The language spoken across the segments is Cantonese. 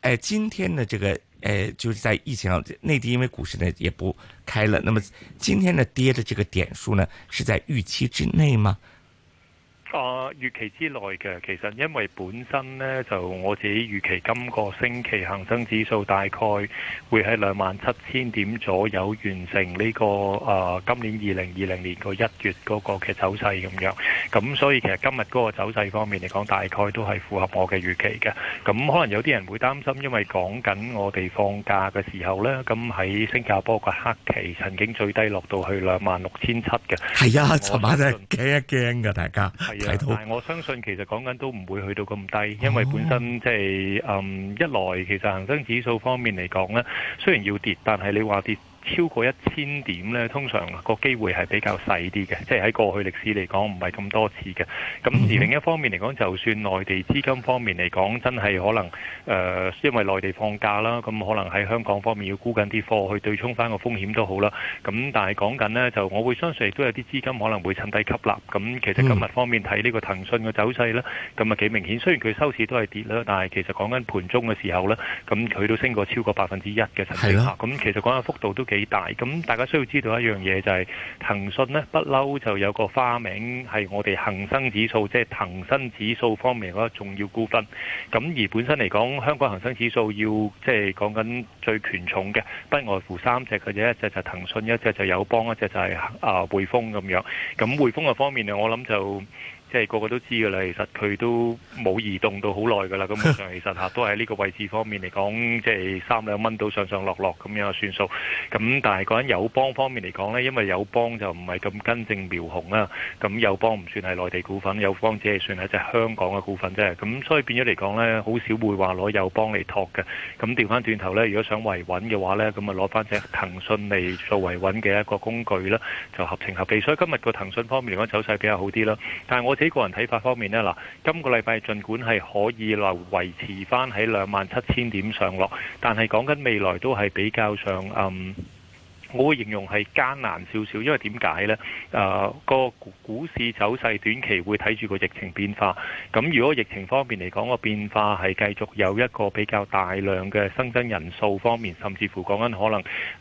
哎，今天的這個，哎，就是在疫情上，內地因為股市呢也不開了，那麼今天的跌的這個點數呢，是在預期之內嗎？啊，預期之內嘅，其實因為本身咧，就我自己預期今個星期恒生指數大概會喺兩萬七千點左右完成呢個誒、呃、今年二零二零年個一月嗰個嘅走勢咁樣，咁所以其實今日嗰個走勢方面嚟講大概都係符合我嘅預期嘅。咁可能有啲人會擔心，因為講緊我哋放假嘅時候咧，咁喺新加坡個黑期曾經最低落到去兩萬六千七嘅。係啊，尋晚真係驚一驚㗎，大家。但係我相信，其實講緊都唔會去到咁低，因為本身即係嗯一來，其實恒生指數方面嚟講咧，雖然要跌，但係你話跌超過一千點呢，通常個機會係比較細啲嘅，即係喺過去歷史嚟講唔係咁多次嘅。咁而另一方面嚟講，就算內地資金方面嚟講，真係可能誒、呃，因為內地放假啦，咁可能喺香港方面要沽緊啲貨去對沖翻個風險都好啦。咁但係講緊呢，就我會相信亦都有啲資金可能會趁低吸納。咁其實今日方面睇呢個騰訊嘅走勢咧，咁啊幾明顯。雖然佢收市都係跌啦，但係其實講緊盤中嘅時候呢，咁佢都升過超過百分之一嘅水平。咁的、啊、其實講下幅度都幾。大咁，大家需要知道一樣嘢就係騰訊呢，不嬲就有個花名係我哋恆生指數，即係騰訊指數方面嘅一個重要股份。咁而本身嚟講，香港恆生指數要即係講緊最權重嘅，不外乎三隻嘅，就一隻就騰訊，一隻就友邦，一隻就係啊匯豐咁樣。咁匯豐嘅方面呢，我諗就。即係個個都知㗎啦，其實佢都冇移動到好耐㗎啦。咁上其實嚇都喺呢個位置方面嚟講，即係三兩蚊到上上落落咁樣算數。咁但係講緊友邦方面嚟講呢，因為友邦就唔係咁根正苗紅啦，咁友邦唔算係內地股份，友邦只係算係隻香港嘅股份啫。咁所以變咗嚟講呢，好少會話攞友邦嚟托嘅。咁調翻轉頭呢，如果想維穩嘅話呢，咁啊攞翻隻騰訊嚟做維穩嘅一個工具啦，就合情合理。所以今日個騰訊方面嚟講走勢比較好啲啦。但係我。喺個人睇法方面呢，嗱，今個禮拜儘管係可以留維持翻喺兩萬七千點上落，但係講緊未來都係比較上嗯。我會形容係艱難少少，因為點解呢？誒個股市走勢短期會睇住個疫情變化。咁如果疫情方面嚟講個變化係繼續有一個比較大量嘅新增人數方面，甚至乎講緊可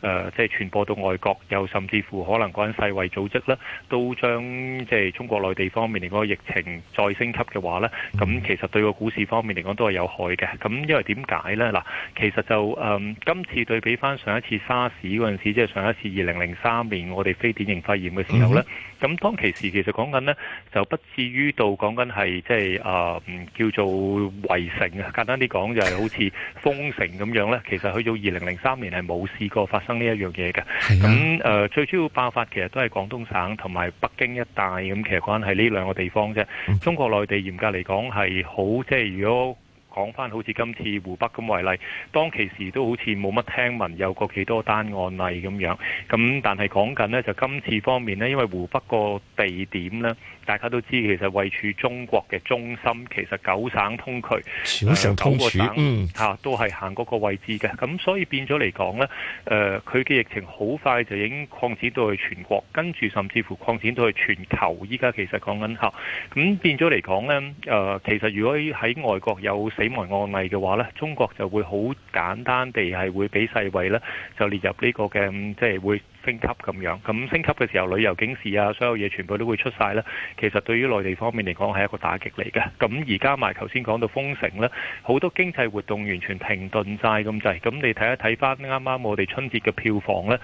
能誒即係傳播到外國，又甚至乎可能講緊世衞組織呢，都將即係中國內地方面嚟講個疫情再升級嘅話呢，咁其實對個股市方面嚟講都係有害嘅。咁因為點解呢？嗱，其實就誒今次對比返上一次沙士嗰陣時，即係上。上一次二零零三年我哋非典型肺炎嘅時候呢，咁當其時其實講緊呢，就不至於到講緊係即係啊，叫做圍城，簡單啲講就係好似封城咁樣呢。其實去到二零零三年係冇試過發生呢一樣嘢嘅。咁誒最主要爆發其實都係廣東省同埋北京一帶咁，其實講緊係呢兩個地方啫。中國內地嚴格嚟講係好，即係如果。講翻好似今次湖北咁為例，當其時都好似冇乜聽聞有過幾多單案例咁樣。咁但係講緊呢，就今次方面呢，因為湖北個地點呢，大家都知其實位處中國嘅中心，其實九省通衢，成、呃、九個省嚇、嗯啊、都係行嗰個位置嘅。咁所以變咗嚟講呢，佢、呃、嘅疫情好快就已經擴展到去全國，跟住甚至乎擴展到去全球。依家其實講緊嚇，咁變咗嚟講呢、呃，其實如果喺外國有。死亡案例嘅話呢，中國就會好簡單地係會俾世衛，呢就列入呢個嘅，即係會升級咁樣。咁升級嘅時候，旅遊警示啊，所有嘢全部都會出曬啦。其實對於內地方面嚟講係一個打擊嚟嘅。咁而加埋頭先講到封城呢，好多經濟活動完全停頓晒咁滯。咁你睇一睇翻啱啱我哋春節嘅票房呢。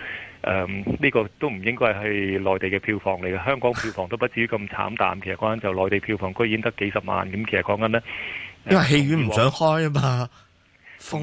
誒、嗯、呢、這個都唔應該係內地嘅票房嚟嘅。香港票房都不至於咁慘淡。其實講緊就內地票房居然得幾十萬咁。其實講緊呢。因為戲院唔想開啊嘛。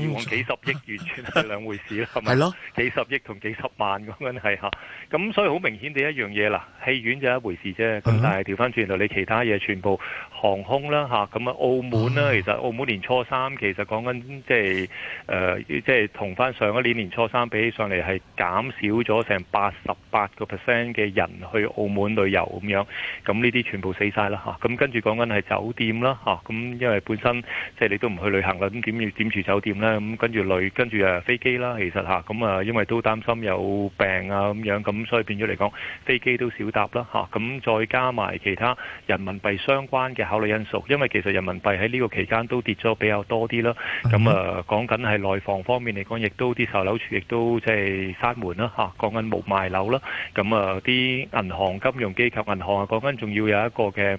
以往幾十億完全係兩回事咯，係咪，幾十億同幾十萬咁樣係嚇，咁所以好明顯嘅一樣嘢啦，戲院就一回事啫。咁但係調翻轉頭，你其他嘢全部航空啦嚇，咁啊澳門啦，其實澳門年初三其實講緊即係誒，即係同翻上一年年初三比起上嚟係減少咗成八十八個 percent 嘅人去澳門旅遊咁樣，咁呢啲全部死曬啦嚇。咁跟住講緊係酒店啦嚇，咁因為本身即係你都唔去旅行啦，咁點要點住酒？點啦，咁跟住旅，跟住誒飛機啦，其實嚇咁啊，因為都擔心有病啊咁樣，咁所以變咗嚟講，飛機都少搭啦嚇。咁再加埋其他人民幣相關嘅考慮因素，因為其實人民幣喺呢個期間都跌咗比較多啲啦。咁啊，講緊係內房方面嚟講，亦都啲售樓處亦都即係閂門啦嚇。講緊冇賣樓啦。咁啊，啲銀行、金融機構、銀行啊，講緊仲要有一個嘅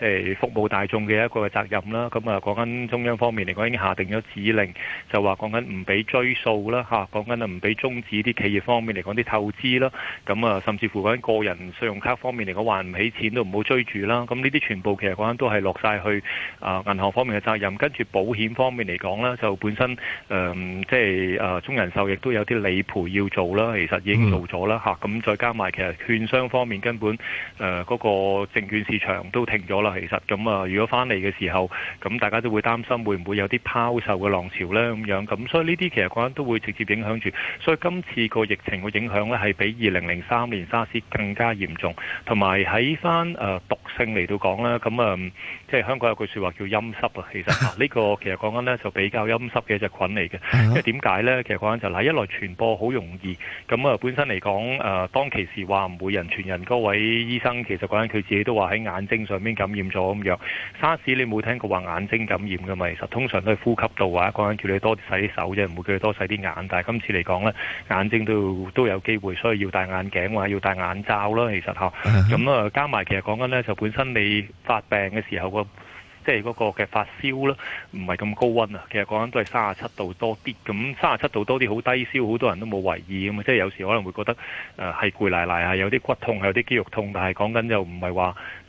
即係服務大眾嘅一個責任啦。咁啊，講緊中央方面嚟講，已經下定咗指令。就話講緊唔俾追數啦嚇，講緊啊唔俾中止啲企業方面嚟講啲透支啦，咁啊甚至乎講個人信用卡方面嚟講還唔起錢都唔好追住啦。咁呢啲全部其實講緊都係落晒去啊銀行方面嘅責任。跟住保險方面嚟講啦，就本身誒即係啊中人壽亦都有啲理賠要做啦，其實已經做咗啦嚇。咁再加埋其實券商方面根本誒嗰個證券市場都停咗啦，其實咁啊如果翻嚟嘅時候，咁大家都會擔心會唔會有啲拋售嘅浪潮。咁樣咁，所以呢啲其實講緊都會直接影響住，所以今次個疫情嘅影響呢，係比二零零三年沙士更加嚴重，同埋喺翻誒毒性嚟到講啦，咁啊、呃、即係香港有句說話叫陰濕啊，其實呢、啊呢個其實講緊呢就比較陰濕嘅一隻菌嚟嘅，因為點解呢？其實講緊就係一來傳播好容易，咁啊本身嚟講誒當其時話唔會人傳人嗰位醫生，其實講緊佢自己都話喺眼睛上面感染咗咁樣，沙士你冇聽過話眼睛感染嘅嘛？其實通常都係呼吸道或者講緊叫你多啲洗啲手啫，唔會叫你多洗啲眼。但係今次嚟講咧，眼睛都都有機會，所以要戴眼鏡或者要戴眼罩啦。其實吓，咁啊加埋，其實講緊咧就本身你發病嘅時候個，即係嗰個嘅發燒啦，唔係咁高溫啊。其實講緊都係三十七度多啲。咁三十七度多啲好低燒，好多人都冇為意咁啊。即係有時可能會覺得誒係攰賴賴啊，有啲骨痛，有啲肌肉痛，但係講緊又唔係話。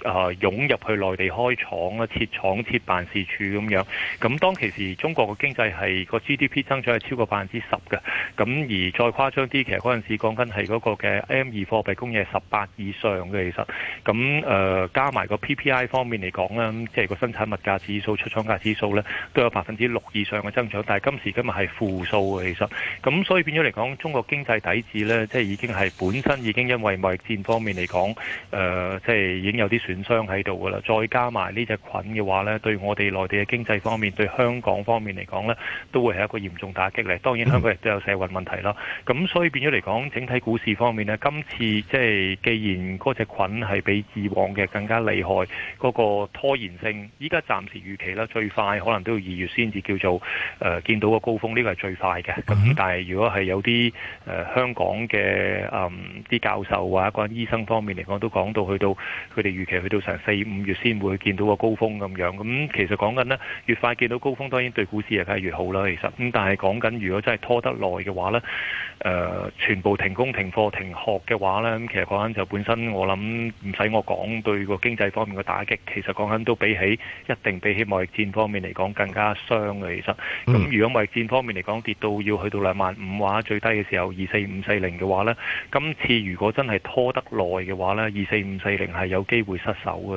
誒、啊、湧入去內地開廠設廠設辦事處咁樣，咁當其時中國嘅經濟係個 GDP 增長係超過百分之十嘅，咁而再誇張啲，其實嗰陣時講緊係嗰個嘅 M 二貨幣供應係十八以上嘅，其實咁、呃、加埋個 PPI 方面嚟講啦，即係個生產物價指數、出廠價指數呢，都有百分之六以上嘅增長，但係今時今日係負數嘅其實，咁所以變咗嚟講，中國經濟底子呢，即、就、係、是、已經係本身已經因為貿易戰方面嚟講，即、呃、係、就是、已經有啲。損傷喺度噶啦，再加埋呢隻菌嘅話咧，對我哋內地嘅經濟方面，對香港方面嚟講咧，都會係一個嚴重打擊嚟。當然香港亦都有社運問題啦，咁所以變咗嚟講，整體股市方面咧，今次即係既然嗰隻菌係比以往嘅更加厲害，嗰個拖延性，依家暫時預期啦，最快可能都要二月先至叫做誒見到個高峰，呢個係最快嘅。咁但係如果係有啲誒香港嘅誒啲教授啊，或者醫生方面嚟講，都講到去到佢哋預期。去到成四五月先會見到個高峰咁樣，咁其實講緊咧，越快見到高峰，當然對股市梗係越好啦。其實，咁但係講緊如果真係拖得耐嘅話咧，誒，全部停工、停課、停學嘅話咧，咁其實講緊就本身我諗唔使我講，對個經濟方面嘅打擊，其實講緊都比起一定比起貿易戰方面嚟講更加傷嘅。其實，咁如果貿易戰方面嚟講跌到要去到兩萬五話最低嘅時候二四五四零嘅話咧，今次如果真係拖得耐嘅話咧，二四五四零係有機會。得嘅，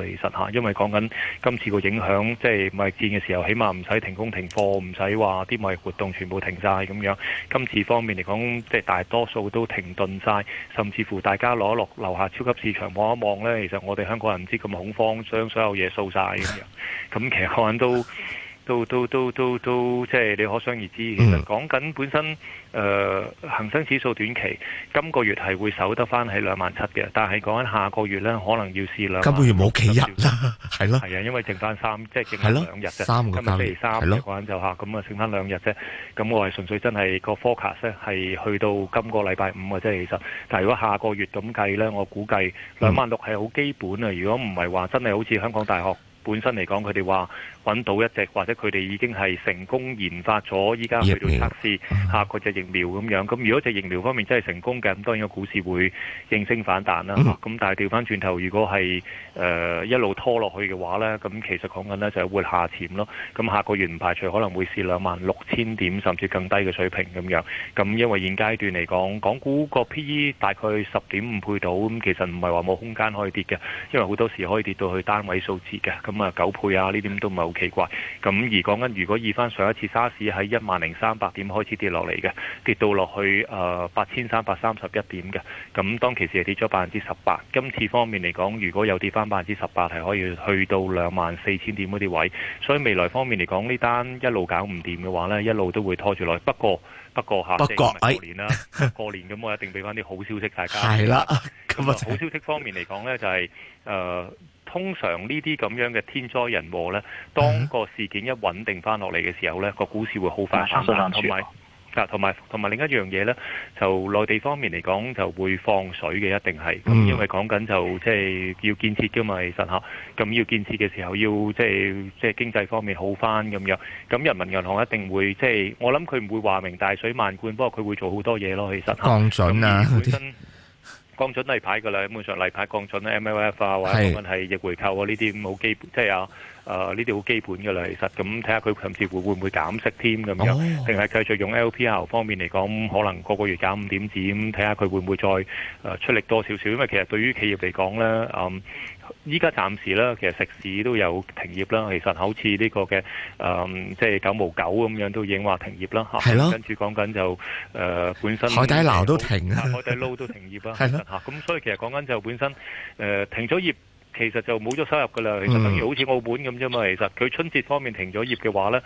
其實下，因為講緊今次個影響，即係貿易戰嘅時候，起碼唔使停工停課，唔使話啲貿易活動全部停晒。咁樣。今次方面嚟講，即係大多數都停頓晒，甚至乎大家攞落下樓下超級市場望一望呢。其實我哋香港人，唔知咁恐慌，將所有嘢掃晒。咁樣，咁其實可能都。都都都都都即係你可想而知，其實講緊本身誒、呃、恆生指數短期今個月係會守得翻喺兩萬七嘅，但係講緊下個月咧，可能要試兩。今個月冇企一啦，係咯、啊。係啊，因為剩翻三，即係剩翻兩日啫。三個交易日，係咯，就下。咁啊，剩翻兩日啫。咁我係純粹真係個 focus 呢，咧，係去到今個禮拜五嘅。即係其實，但係如果下個月咁計咧，我估計兩萬六係好基本啊。如果唔係話，真係好似香港大學本身嚟講，佢哋話。揾到一隻或者佢哋已經係成功研發咗，依家喺度測試下嗰隻疫苗咁樣。咁如果隻疫苗方面真係成功嘅，咁當然個股市會應聲反彈啦。咁、嗯啊、但係調翻轉頭，如果係誒、呃、一路拖落去嘅話呢，咁其實講緊呢就係會下潛咯。咁下個月唔排除可能會試兩萬六千點甚至更低嘅水平咁樣。咁因為現階段嚟講，港股個 PE 大概十點五倍到，咁其實唔係話冇空間可以跌嘅，因為好多時可以跌到去單位數字嘅。咁啊九倍啊呢啲都唔係奇怪，咁而講緊，如果以翻上一次沙士喺一萬零三百點開始跌落嚟嘅，跌到落去誒八千三百三十一點嘅，咁當其時係跌咗百分之十八。今次方面嚟講，如果有跌翻百分之十八，係可以去到兩萬四千點嗰啲位。所以未來方面嚟講，呢單一路搞唔掂嘅話呢，一路都會拖住落去。不過不過下不過誒過年啦，過、哎、 年咁我一定俾翻啲好消息大家。係啦，咁啊好消息方面嚟講呢，就係誒。通常呢啲咁樣嘅天災人禍呢，當個事件一穩定翻落嚟嘅時候呢、嗯、個股市會好快上升。同埋、嗯，同埋有、哦、另一樣嘢呢，就內地方面嚟講，就會放水嘅，一定係。因為講緊就即係要建設噶嘛，其實嚇，咁要建設嘅時候要、就是，要即係即係經濟方面好翻咁樣。咁人民銀行一定會即係，我諗佢唔會話明大水漫灌，不過佢會做好多嘢咯。其實，降準啊！降準例牌噶啦，基本上例牌降準咧，MLF 啊是或者係逆回購啊呢啲冇基本，即係、啊、有。誒呢啲好基本嘅啦，其實咁睇下佢甚至乎會唔會減息添咁樣，定係繼續用 LPR 方面嚟講，可能個個月減五點子咁，睇下佢會唔會再誒出力多少少？因為其實對於企業嚟講咧，誒依家暫時咧，其實食肆都有停業啦。其實好似呢個嘅誒，即係九毛九咁樣都已經話停業啦嚇。係咯，跟住講緊就誒本身海底撈都停啊，海底撈都停業啦。係咯嚇，咁所以其實講緊就本身誒停咗業。其實就冇咗收入噶啦，其實等於好似澳門咁啫嘛。其實佢春節方面停咗業嘅話呢，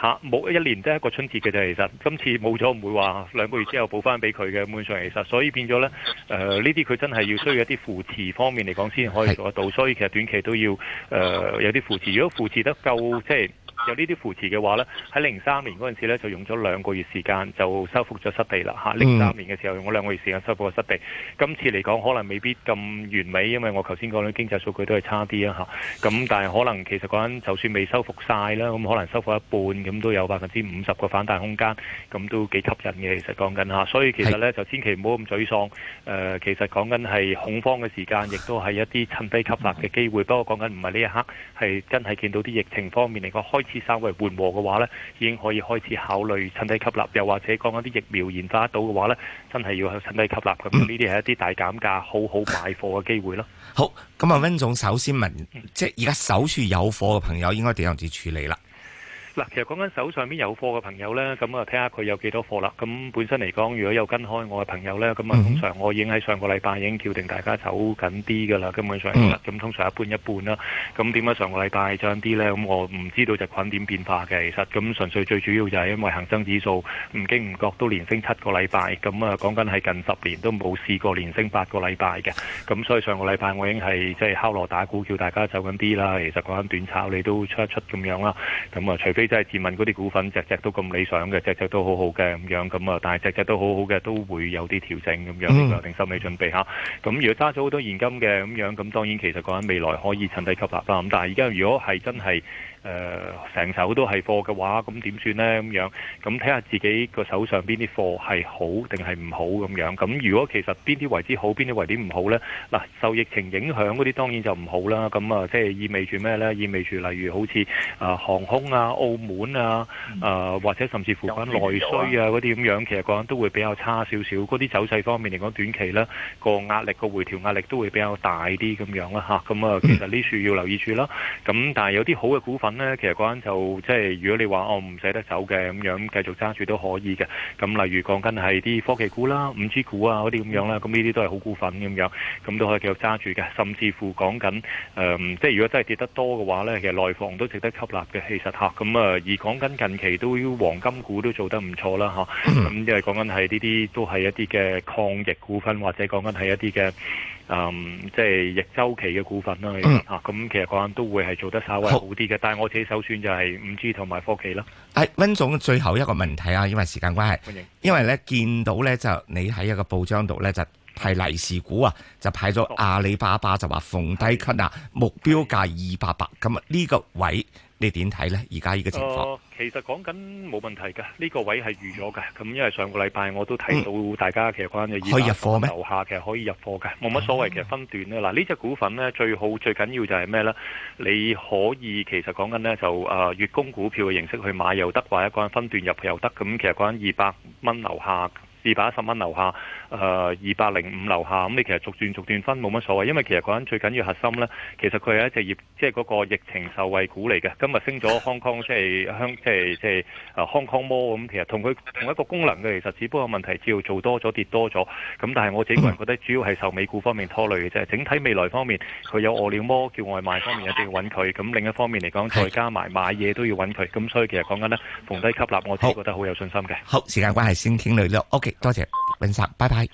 嚇冇一年都係一個春節嘅啫。其實今次冇咗，唔會話兩個月之後補翻俾佢嘅。基本上其實，所以變咗呢，誒呢啲佢真係要需要一啲扶持方面嚟講先可以做得到。所以其實短期都要誒、呃、有啲扶持。如果扶持得夠，即係。有呢啲扶持嘅話呢，喺零三年嗰陣時呢，就用咗兩個月時間就收復咗失地啦嚇。零三年嘅時候，用咗兩個月時間收復咗失地。嗯、今次嚟講，可能未必咁完美，因為我頭先講啲經濟數據都係差啲啊嚇。咁但係可能其實講緊就算未收復晒啦，咁可能收復一半咁都有百分之五十個反彈空間，咁都幾吸引嘅。其實講緊嚇，所以其實呢，是就千祈唔好咁沮喪。呃、其實講緊係恐慌嘅時間，亦都係一啲趁低吸納嘅機會。不過講緊唔係呢一刻，係真係見到啲疫情方面嚟講開始，啲稍為緩和嘅話咧，已經可以開始考慮趁低吸納，又或者講緊啲疫苗研發得到嘅話咧，真係要趁低吸納咁。呢啲係一啲大減價、 好好買貨嘅機會咯。好，咁啊，溫總首先問， 即係而家手處有貨嘅朋友應該點樣子處理啦？嗱，其實講緊手上邊有貨嘅朋友呢，咁啊睇下佢有幾多貨啦。咁本身嚟講，如果有跟開我嘅朋友呢，咁啊、mm hmm. 通常我已經喺上個禮拜已經叫定大家走緊啲嘅啦。根本上咁、就係、通常一半一半啦。咁點解上個禮拜漲啲呢？咁我唔知道就睇點變化嘅。其實咁純粹最主要就係因為恒生指數唔經唔覺都連升七個禮拜。咁啊講緊係近十年都冇試過連升八個禮拜嘅。咁所以上個禮拜我已經係即係敲鑼打鼓叫大家走緊啲啦。其實講緊短炒你都出一出咁樣啦。咁啊除非～即係自問嗰啲股份隻隻都咁理想嘅，隻隻都好好嘅咁樣咁啊，但係隻隻都好好嘅都會有啲調整咁樣，有定心理準備吓。咁如果揸咗好多現金嘅咁樣，咁當然其實講緊未來可以趁低吸納啦。咁但係而家如果係真係。誒成手都係貨嘅話，咁點算呢？咁樣咁睇下自己個手上邊啲貨係好定係唔好咁樣。咁如果其實邊啲為之好，邊啲為之唔好呢？嗱，受疫情影響嗰啲當然就唔好啦。咁啊，即係意味住咩呢？意味住例如好似啊航空啊、澳門啊、啊或者甚至乎啲內需啊嗰啲咁樣，其實講都會比較差少少。嗰啲走勢方面嚟講，短期呢個壓力個回調壓力都會比較大啲咁樣啦。嚇，咁啊，其實呢處要留意住啦。咁但係有啲好嘅股份。咧，其實講緊就即係，如果你話我唔捨得走嘅咁樣，繼續揸住都可以嘅。咁例如講緊係啲科技股啦、五 G 股啊嗰啲咁樣啦，咁呢啲都係好股份咁樣，咁都，都可以繼續揸住嘅。甚至乎講緊誒，即係如果真係跌得多嘅話呢，其實內房都值得吸納嘅，其實嚇咁啊。而講緊近期都黃金股都做得唔錯啦，嚇、啊。咁因為講緊係呢啲都係一啲嘅抗疫股份，或者講緊係一啲嘅。嗯，即係逆周期嘅股份啦。吓，咁其實講緊都會係做得稍微好啲嘅。好但係我自己首選就係五 G 同埋科技啦。誒，溫總最後一個問題啊，因為時間關係。歡迎。因為咧見到咧就你喺一個報章度咧就係利是股啊，就派咗阿里巴巴就話逢低吸納啊，哦、目標價二八八。咁啊呢個位。你點睇呢？而家呢個情況，其實講緊冇問題噶，呢、呢個位係預咗噶。咁因為上個禮拜我都睇到大家其實講緊二百蚊樓下，其實可以入貨嘅，冇乜所謂。其實分段呢，嗱呢隻股份呢，最好最緊要就係咩呢？你可以其實講緊呢，就誒、呃、月供股票嘅形式去買又得，或者講分段入又得。咁其實講緊二百蚊樓下。二百一十蚊樓下，誒二百零五樓下，咁你其實逐漸逐漸分冇乜所謂，因為其實講緊最緊要核心咧，其實佢係一隻業，即係嗰個疫情受惠股嚟嘅。今日升咗 Hong Kong，即係香，即係即係啊 Hong Kong Mo 咁，其實同佢同一個功能嘅，其實只不過問題只要做多咗跌多咗，咁但係我自己個人覺得主要係受美股方面拖累嘅啫。整體未來方面，佢有餓了麼叫外賣方面一定要揾佢，咁另一方面嚟講，再加埋買嘢都要揾佢，咁所以其實講緊咧，逢低吸納我自己覺得好有信心嘅。好，時間關係先傾到呢度。OK。多謝溫生，拜拜。